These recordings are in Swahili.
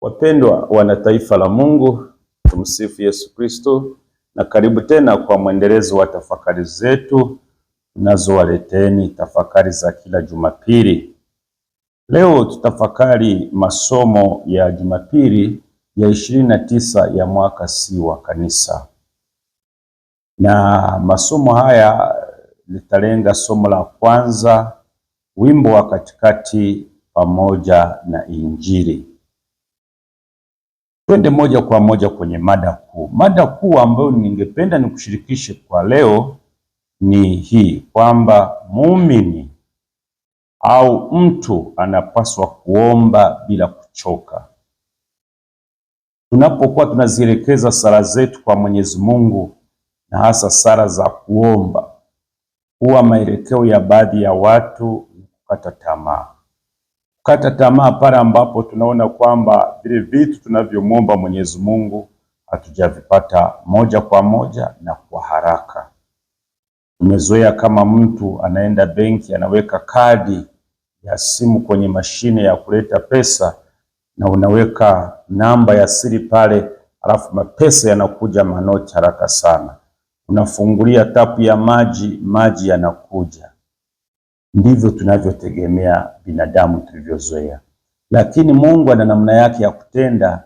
Wapendwa wana taifa la Mungu, tumsifu Yesu Kristo, na karibu tena kwa mwendelezo wa tafakari zetu nazowaleteni tafakari za kila Jumapili. Leo tutafakari masomo ya Jumapili ya ishirini na tisa ya mwaka C wa kanisa, na masomo haya litalenga somo la kwanza, wimbo wa katikati pamoja na Injili. Twende moja kwa moja kwenye mada kuu. Mada kuu ambayo ningependa nikushirikishe kwa leo ni hii kwamba muumini au mtu anapaswa kuomba bila kuchoka. Tunapokuwa tunazielekeza sala zetu kwa Mwenyezi Mungu na hasa sala za kuomba, huwa maelekeo ya baadhi ya watu ni kukata tamaa. Kukata tamaa pale ambapo tunaona kwamba vile vitu tunavyomwomba Mwenyezi Mungu hatujavipata moja kwa moja na kwa haraka. Tumezoea kama mtu anaenda benki, anaweka kadi ya simu kwenye mashine ya kuleta pesa na unaweka namba ya siri pale, alafu mapesa yanakuja manoti haraka sana. Unafungulia tapu ya maji, maji yanakuja. Ndivyo tunavyotegemea binadamu tulivyozoea, lakini Mungu ana namna yake ya kutenda,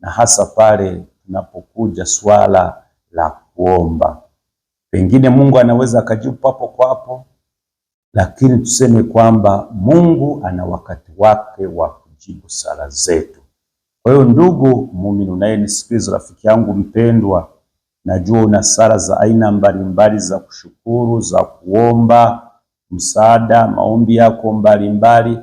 na hasa pale tunapokuja swala la kuomba. Pengine Mungu anaweza akajibu papo kwa hapo, lakini tuseme kwamba Mungu ana wakati wake wa kujibu sala zetu. Kwa hiyo ndugu muumini unayenisikiliza, rafiki yangu mpendwa, najua una sala za aina mbalimbali za kushukuru, za kuomba msaada, maombi yako mbalimbali,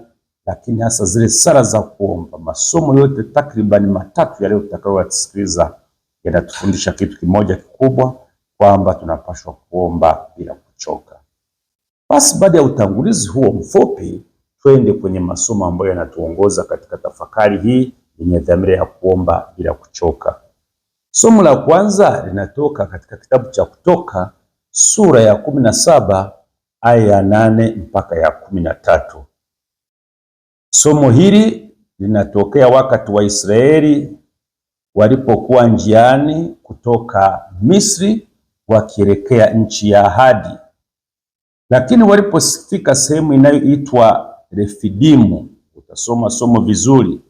lakini hasa zile sala za kuomba. Masomo yote takribani matatu leo tutakayoyasikiliza yanatufundisha kitu kimoja kikubwa, kwamba tunapaswa kuomba bila kuchoka. Basi baada ya utangulizi huo mfupi twende kwenye masomo ambayo yanatuongoza katika tafakari hii yenye dhamira ya kuomba bila kuchoka. Somo la kwanza linatoka katika kitabu cha Kutoka sura ya kumi na saba aya ya nane mpaka ya kumi na tatu. Somo hili linatokea wakati wa Israeli walipokuwa njiani kutoka Misri wakielekea nchi ya ahadi, lakini waliposifika sehemu inayoitwa Refidimu, utasoma somo vizuri.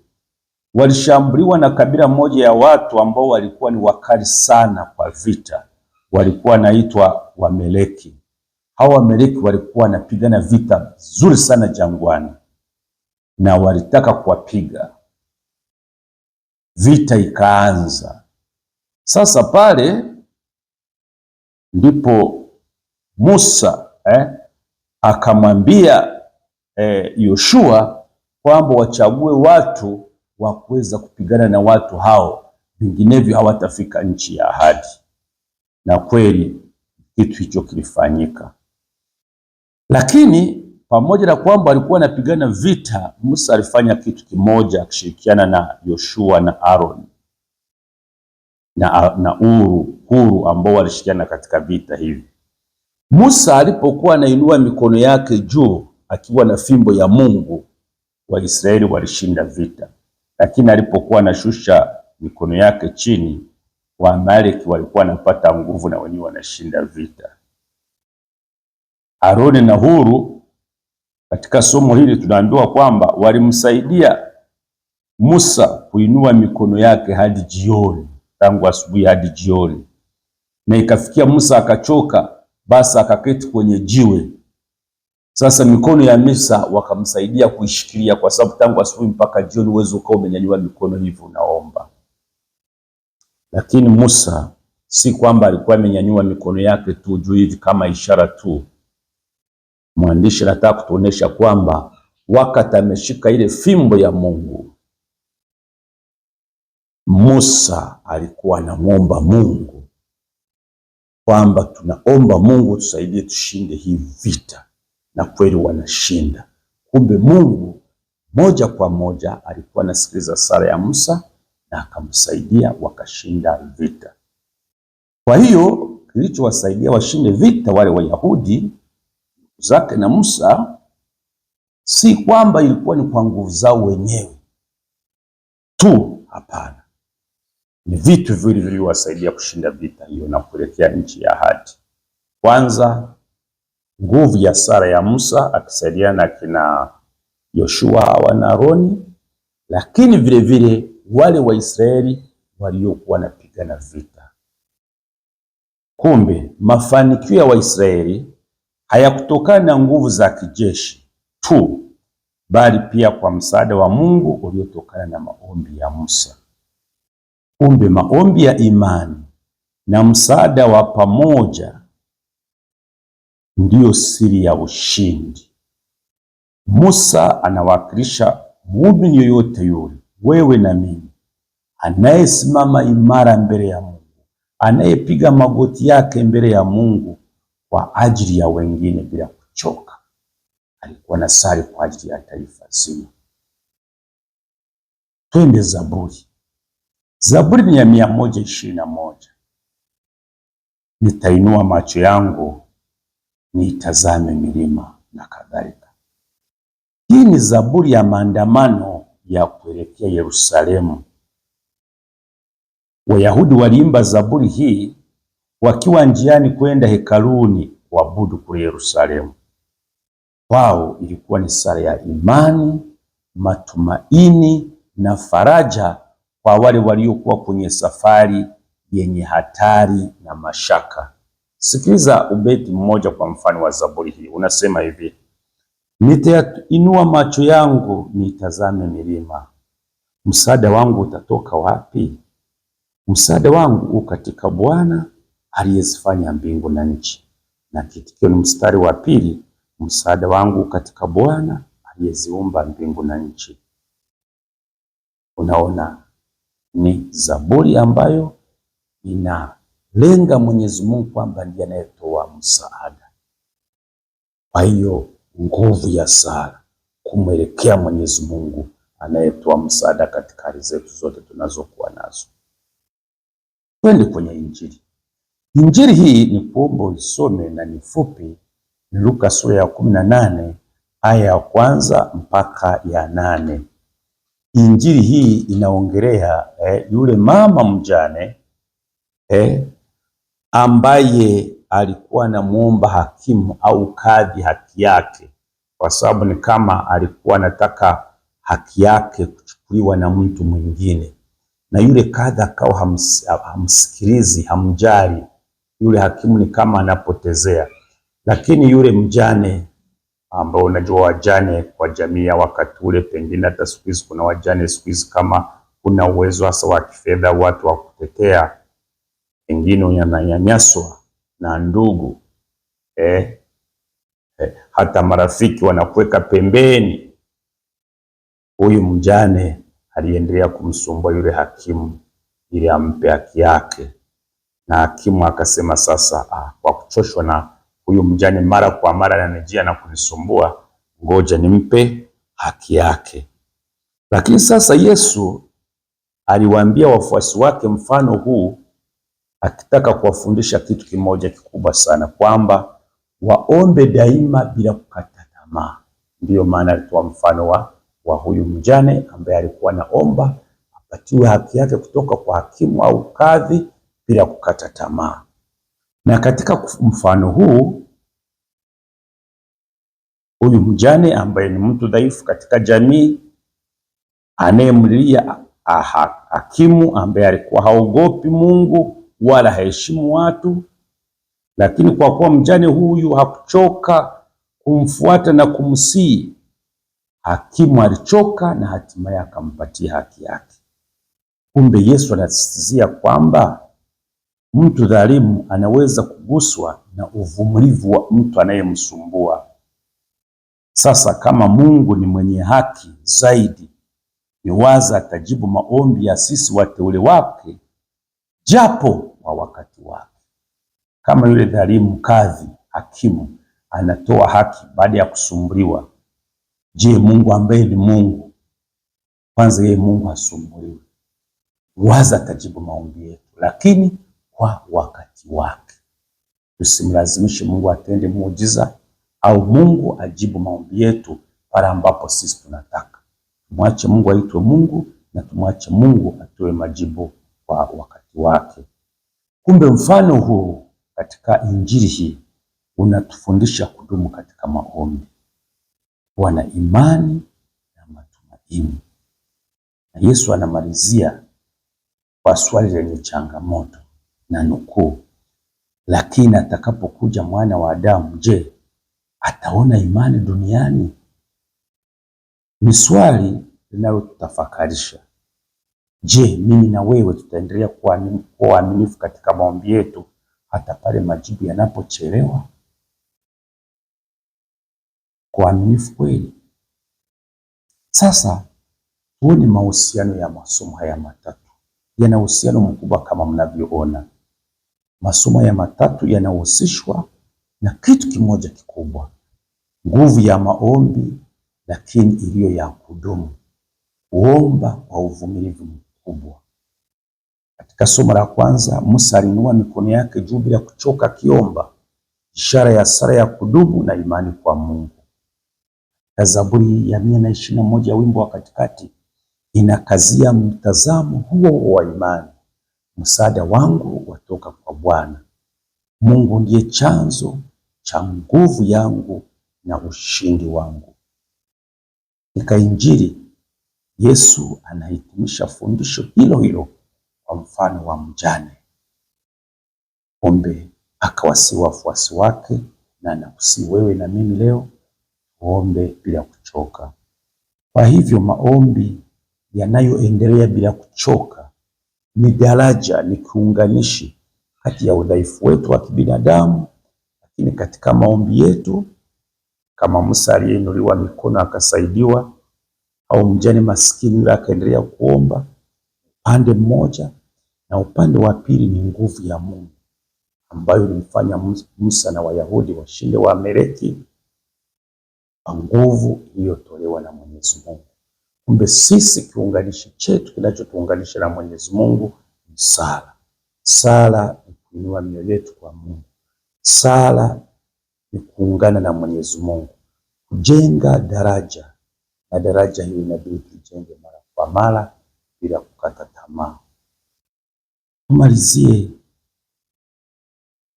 Walishambuliwa na kabila moja ya watu ambao walikuwa ni wakali sana kwa vita, walikuwa naitwa Wameleki. Hawa Wameleki walikuwa wanapigana vita vizuri sana jangwani, na walitaka kuwapiga. Vita ikaanza. Sasa pale ndipo Musa eh, akamwambia Eh, Yoshua e, kwamba wachague watu wa kuweza kupigana na watu hao, vinginevyo hawatafika nchi ya ahadi. Na kweli kitu hicho kilifanyika, lakini pamoja na kwamba alikuwa anapigana vita, Musa alifanya kitu kimoja akishirikiana na Yoshua na Aaron na, na Uru, Huru ambao walishirikiana katika vita hivi. Musa alipokuwa anainua mikono yake juu akiwa na fimbo ya Mungu, Waisraeli walishinda vita, lakini alipokuwa anashusha mikono yake chini, Waamaleki walikuwa wanapata nguvu na wenyewe wanashinda vita. Aroni na Huru, katika somo hili tunaambiwa kwamba walimsaidia Musa kuinua mikono yake hadi jioni, tangu asubuhi hadi jioni, na ikafikia Musa akachoka, basi akaketi kwenye jiwe sasa mikono ya Musa wakamsaidia kuishikilia, kwa sababu tangu asubuhi mpaka jioni uwezo ukawa umenyanyua mikono hivi unaomba. Lakini Musa si kwamba alikuwa amenyanyua mikono yake tu juu hivi kama ishara tu. Mwandishi anataka kutuonesha kwamba wakati ameshika ile fimbo ya Mungu, Musa alikuwa anamwomba Mungu kwamba tunaomba Mungu tusaidie tushinde hii vita na kweli wanashinda. Kumbe Mungu moja kwa moja alikuwa anasikiliza sala ya Musa na akamsaidia, wakashinda vita. Kwa hiyo kilichowasaidia washinde vita wale Wayahudi zake na Musa si kwamba ilikuwa ni kwa nguvu zao wenyewe tu, hapana. Ni vitu viwili vilivyowasaidia kushinda vita hiyo na kuelekea nchi ya ahadi. Kwanza nguvu ya sara ya Musa akisaidiana na kina Yoshua wa na Aroni, lakini vile vile wale Waisraeli waliokuwa wanapigana vita. Kumbe mafanikio ya Waisraeli hayakutokana na nguvu za kijeshi tu, bali pia kwa msaada wa Mungu uliotokana na maombi ya Musa. Kumbe maombi ya imani na msaada wa pamoja ndiyo siri ya ushindi. Musa anawakilisha muumini yoyote yule, wewe na mimi, anayesimama imara mbele ya Mungu, anayepiga magoti yake mbele ya Mungu kwa ajili ya wengine bila kuchoka. Alikuwa na sali kwa ajili ya taifa zima. Twende Zaburi. Zaburi ni ya mia moja ishirini na moja. Nitainua macho yangu niitazame milima na kadhalika. Hii ni zaburi ya maandamano ya kuelekea Yerusalemu. Wayahudi waliimba zaburi hii wakiwa njiani kwenda hekaluni kuabudu kule Yerusalemu. Kwao ilikuwa ni sala ya imani, matumaini na faraja kwa wale waliokuwa kwenye safari yenye hatari na mashaka. Sikiliza ubeti mmoja kwa mfano wa Zaburi hii unasema hivi: nitayainua macho yangu nitazame milima, msaada wangu utatoka wapi? Msaada wangu u katika Bwana aliyezifanya mbingu na nchi. Na kitikio ni mstari wa pili, msaada wangu katika Bwana aliyeziumba mbingu na nchi. Unaona, ni zaburi ambayo ina lenga Mwenyezi Mungu kwamba ndiye anayetoa msaada. Kwa hiyo nguvu ya sala kumwelekea Mwenyezi Mungu anayetoa msaada katika hali zetu zote tunazokuwa nazo. Twende kwenye Injili. Injili hii ni kuomba isome na ni fupi, ni Luka sura ya kumi na nane aya ya kwanza mpaka ya nane. Injili hii inaongelea eh, yule mama mjane eh, ambaye alikuwa anamuomba hakimu au kadhi haki yake, kwa sababu ni kama alikuwa anataka haki yake kuchukuliwa na mtu mwingine, na yule kadhi akawa hams, hamsikilizi hamjali, yule hakimu ni kama anapotezea. Lakini yule mjane ambao unajua wajane kwa jamii ya wakati ule, pengine hata siku hizi kuna wajane siku hizi, kama kuna uwezo hasa wa kifedha, watu wa kutetea pengine unanyanyaswa na ndugu eh, eh, hata marafiki wanakuweka pembeni. Huyu mjane aliendelea kumsumbua yule hakimu ili ampe haki yake, na hakimu akasema sasa, ah, kwa kuchoshwa na huyu mjane mara kwa mara ananijia na kunisumbua, ngoja nimpe haki yake. Lakini sasa Yesu aliwaambia wafuasi wake mfano huu akitaka kuwafundisha kitu kimoja kikubwa sana, kwamba waombe daima bila kukata tamaa. Ndiyo maana alitoa mfano wa, wa huyu mjane ambaye alikuwa naomba apatiwe haki yake kutoka kwa hakimu au kadhi bila kukata tamaa. Na katika mfano huu huyu mjane ambaye ni mtu dhaifu katika jamii anayemlilia hakimu ambaye alikuwa haogopi Mungu wala haheshimu watu, lakini kwa kuwa mjane huyu hakuchoka kumfuata na kumsihi, hakimu alichoka na hatimaye akampatia haki yake. Kumbe Yesu anasisitizia kwamba mtu dhalimu anaweza kuguswa na uvumilivu wa mtu anayemsumbua. Sasa kama Mungu ni mwenye haki zaidi, ni wazi atajibu maombi ya sisi wateule wake japo kwa wakati wake. Kama yule dhalimu kadhi, hakimu anatoa haki baada ya kusumbuliwa, je, Mungu ambaye ni Mungu kwanza, yeye Mungu asumbuliwe? Waza atajibu maombi yetu, lakini kwa wakati wake. Tusimlazimishe Mungu atende muujiza au Mungu ajibu maombi yetu pale ambapo sisi tunataka. Tumwache Mungu aitwe Mungu na tumwache Mungu atoe majibu kwa wakati wake. Kumbe mfano huu katika injili hii unatufundisha kudumu katika maombi, kuwa na imani na matumaini. Na Yesu anamalizia kwa swali lenye changamoto na nukuu, lakini atakapokuja mwana wa Adamu, je, ataona imani duniani? Ni swali linalotutafakarisha Je, mimi na wewe tutaendelea kuwa waaminifu katika maombi yetu hata pale majibu yanapochelewa? Kwa kweli. Sasa tuone mahusiano ya masomo haya matatu, yana uhusiano mkubwa kama mnavyoona. Masomo haya matatu yanahusishwa na kitu kimoja kikubwa, nguvu ya maombi, lakini iliyo ya kudumu, kuomba kwa uvumilivu kubwa. Katika somo la kwanza, Musa alinua mikono yake juu bila kuchoka akiomba, ishara ya sala ya kudumu na imani kwa Mungu. Katika Zaburi ya mia na ishirini na moja wimbo wa katikati inakazia mtazamo huo wa imani: msaada wangu watoka kwa Bwana Mungu, ndiye chanzo cha nguvu yangu na ushindi wangu. Katika Injili Yesu anahitimisha fundisho hilo hilo kwa mfano wa mjane. Kumbe akawasi wafuasi wake, na nakusii wewe na mimi leo tuombe bila kuchoka. Kwa hivyo maombi yanayoendelea bila kuchoka ni daraja, ni kiunganishi kati ya udhaifu wetu wa kibinadamu, lakini katika maombi yetu kama Musa aliyeinuliwa mikono akasaidiwa au mjane maskini yule akaendelea kuomba upande mmoja, na upande wa pili ni nguvu ya Mungu ambayo ilimfanya Musa na Wayahudi washinde wa Waamaleki kwa nguvu iliyotolewa na Mwenyezi Mungu. Kumbe sisi kiunganishi chetu kinachotuunganisha na Mwenyezi Mungu ni sala. Sala ni kuinua mioyo yetu kwa Mungu. Sala ni kuungana na Mwenyezi Mungu, kujenga daraja na daraja hiyo inabidi tujenge mara kwa mara bila kukata tamaa. Tumalizie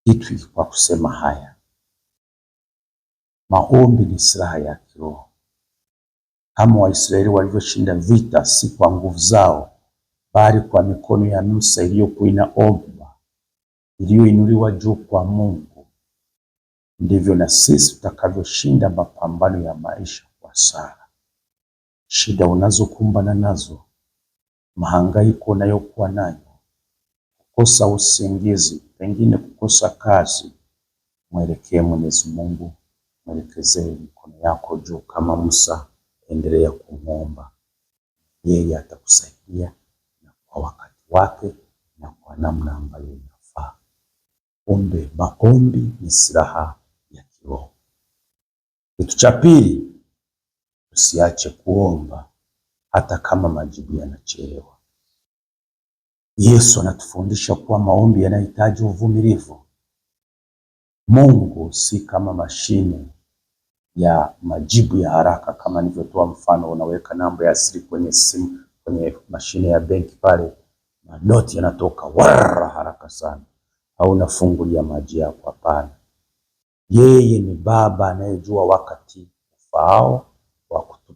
kitu kwa kusema haya, maombi ni silaha ya kiroho. Kama Waisraeli walivyoshinda vita, si kwa nguvu zao, bali kwa mikono ya Musa iliyokuwa inaomba, iliyoinuliwa juu kwa Mungu, ndivyo na sisi tutakavyoshinda mapambano ya maisha kwa sala shida unazokumbana nazo, mahangaiko unayokuwa nayo, kukosa usingizi, pengine kukosa kazi, mwelekee Mwenyezi Mungu, mwelekezee mikono yako juu kama Musa, endelea kumwomba yeye, atakusaidia na kwa wakati wake na kwa namna ambayo inafaa. Kumbe maombi ni silaha ya kiroho. Kitu cha pili Usiache kuomba hata kama majibu yanachelewa. Yesu anatufundisha kuwa maombi yanahitaji uvumilivu. Mungu si kama mashine ya majibu ya haraka. Kama nilivyotoa mfano, unaweka namba ya siri kwenye simu, kwenye mashine ya benki pale, manoti yanatoka wara haraka sana, au unafungulia maji yako. Hapana, yeye ni Baba anayejua wakati ufaao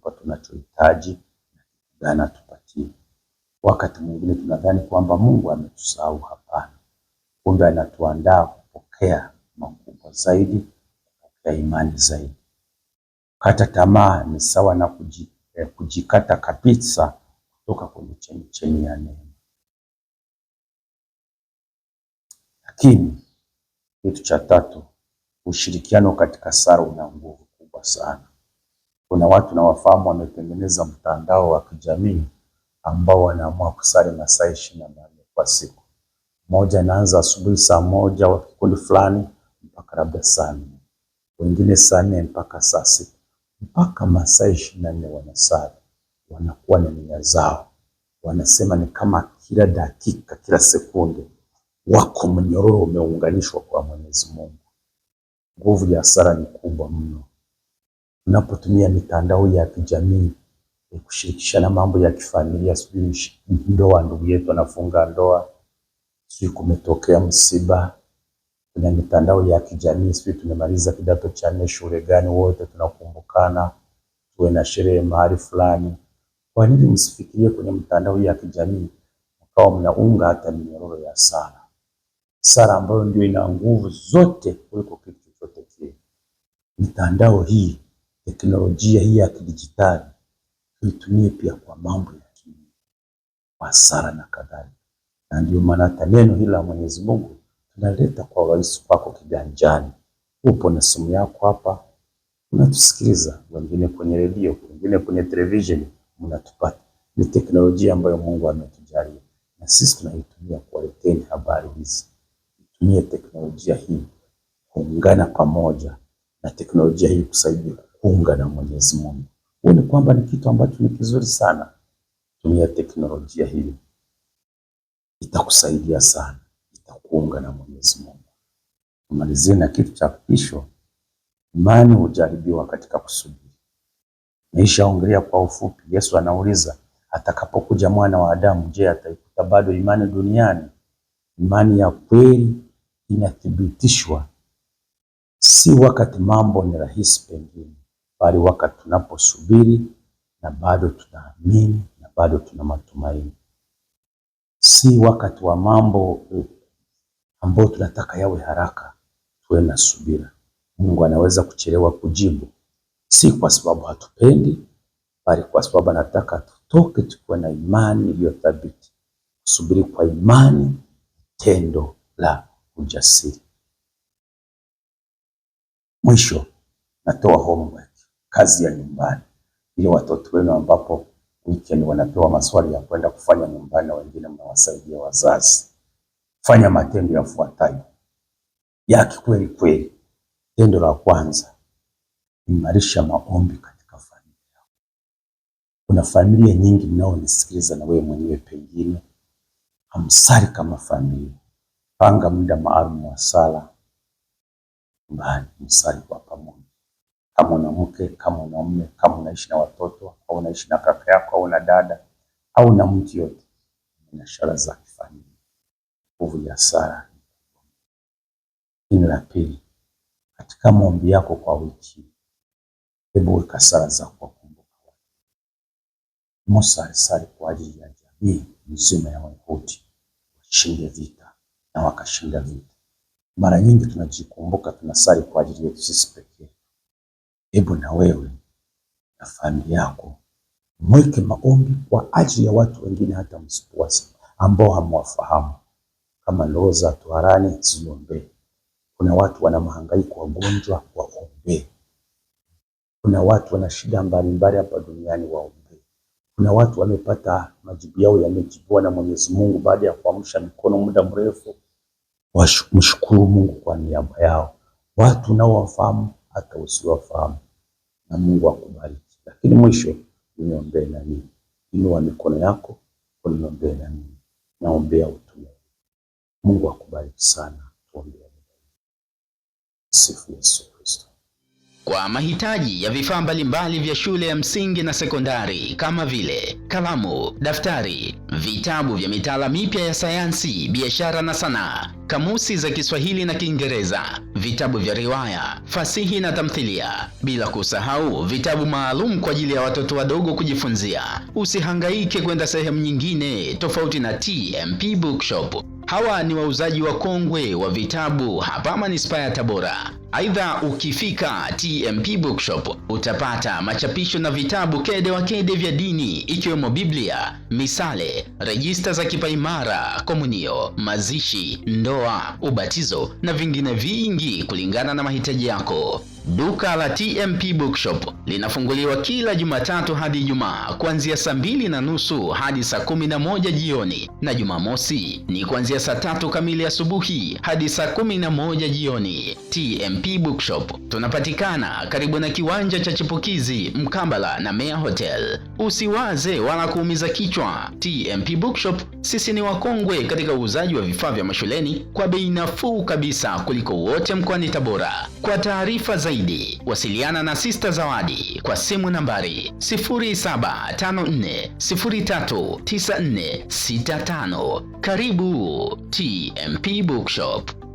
kwa tunachohitaji na kitu gani atupatie. Wakati mwingine tunadhani kwamba Mungu ametusahau. Hapana, kumbe anatuandaa kupokea makubwa zaidi, kupokea imani zaidi. Kata tamaa ni sawa na eh, kujikata kabisa kutoka kwenye chemichemi ya neema. Lakini kitu cha tatu, ushirikiano katika sala una nguvu kubwa sana. Kuna watu nawafahamu wametengeneza mtandao wa kijamii ambao wanaamua kusali masaa ishirini na nane kwa siku. Moja anaanza asubuhi saa moja wa kikundi fulani mpaka labda saa nne, wengine saa nne mpaka saa sita, mpaka masaa ishirini na nne wanasali, wanakuwa na nia zao. Wanasema ni kama kila dakika, kila sekunde wako mnyororo umeunganishwa kwa Mwenyezi Mungu. Nguvu ya sala ni kubwa mno unapotumia mitandao ya kijamii e, kushirikishana mambo ya kifamilia, sijui ndoa, ndugu yetu anafunga ndoa, sijui kumetokea msiba kwenye mitandao ya kijamii, sijui tumemaliza kidato cha nne shule gani, wote tunakumbukana, tuwe na sherehe mahali fulani. Kwa nini msifikirie kwenye mitandao ya kijamii mkawa mnaunga hata minyororo ya sala, sala ambayo ndio ina nguvu zote kuliko kitu chochote kile. Mitandao hii teknolojia hii ya kidijitali tuitumie pia kwa mambo ya kibiashara na kadhalika. Na ndio maana hata neno hili la Mwenyezi Mungu tunaleta kwa waisu wako kiganjani. Upo na simu yako hapa unatusikiliza, wengine kwenye redio, wengine kwenye televisheni mnatupata. Ni teknolojia ambayo Mungu ametujalia, na sisi tunaitumia kuwaleteni habari hizi. Tumie teknolojia hii kuungana pamoja na teknolojia hii kusaidia kujiunga na Mwenyezi Mungu. ni kwamba ni kitu ambacho ni kizuri sana? Tumia teknolojia hii, itakusaidia sana, itakuunga na Mwenyezi Mungu. Tumalizie na kitu cha kisho, imani hujaribiwa katika kusubiri. Naishaongelea kwa ufupi. Yesu anauliza atakapokuja mwana wa Adamu, je, ataikuta bado imani duniani? Imani ya kweli inathibitishwa si wakati mambo ni rahisi pengine bali wakati tunaposubiri na bado tunaamini na bado tuna matumaini. Si wakati wa mambo eh, ambayo tunataka yawe haraka, tuwe na subira. Mungu anaweza kuchelewa kujibu, si kwa sababu hatupendi, bali kwa sababu anataka tutoke tukiwa na imani iliyo thabiti Subiri kwa imani, tendo la ujasiri. Mwisho natoa homework kazi ya nyumbani, ili watoto wenu ambapo weekend wanapewa maswali ya kwenda kufanya nyumbani na wengine mnawasaidia wazazi. Fanya matendo yafuatayo ya kikweli kweli. Tendo la kwanza, imarisha maombi katika familia yako. Kuna familia nyingi mnaonisikiliza na wewe mwenyewe pengine hamsali kama familia. Panga muda maalum wa sala mbali, msali kwa pamoja kama una mke, kama una mume, kama unaishi na watoto au unaishi na kaka yako au na dada au na mtu yote, biashara za kifamilia, nguvu ya hasara. Lakini la pili, katika maombi yako kwa wiki, hebu weka sala za kuwakumbuka Musa alisali kwa ajili ya jamii nzima ya Wayahudi washinde vita na wakashinda vita. Mara nyingi tunajikumbuka, tunasali kwa ajili yetu sisi pekee Hebu na wewe na familia yako mweke maombi kwa ajili ya watu wengine, hata msipuasi ambao hamwafahamu kama Loza Twarane, ziombe Kuna watu wana mahangaiko, wagonjwa waombe Kuna watu wana shida mbalimbali hapa duniani, waombe Kuna watu wamepata majibu yao yamejibiwa na Mwenyezi Mungu baada ya kuamsha mikono muda mrefu, washukuru Mungu kwa niaba yao. Watu nao wafahamu hata usiwafahamu, na Mungu akubariki. Lakini mwisho uniombee na mimi, inua mikono yako uniombee na mimi, naombea utume. Mungu akubariki sana, tuombee. Sifu Yesu kwa mahitaji ya vifaa mbalimbali vya shule ya msingi na sekondari kama vile kalamu, daftari, vitabu vya mitaala mipya ya sayansi, biashara na sanaa, kamusi za Kiswahili na Kiingereza, vitabu vya riwaya, fasihi na tamthilia, bila kusahau vitabu maalum kwa ajili ya watoto wadogo kujifunzia. Usihangaike kwenda sehemu nyingine tofauti na TMP Bookshop. Hawa ni wauzaji wakongwe wa vitabu hapa manispaa ya Tabora. Aidha, ukifika TMP Bookshop utapata machapisho na vitabu kede wa kede vya dini ikiwemo Biblia, misale, rejista za kipaimara, komunio, mazishi, ndoa, ubatizo na vingine vingi kulingana na mahitaji yako. Duka la TMP Bookshop linafunguliwa kila Jumatatu hadi Ijumaa kuanzia saa mbili na nusu hadi saa kumi na moja jioni na Jumamosi ni kuanzia saa tatu kamili asubuhi hadi saa kumi na moja jioni. TMP Bookshop tunapatikana karibu na kiwanja cha Chipukizi mkambala na Mea Hotel. Usiwaze wala kuumiza kichwa. TMP Bookshop sisi ni wakongwe katika uuzaji wa vifaa vya mashuleni kwa bei nafuu kabisa kuliko wote mkoani Tabora. Kwa taarifa za zaidi, wasiliana na Sista Zawadi kwa simu nambari 0754039465. Karibu TMP Bookshop.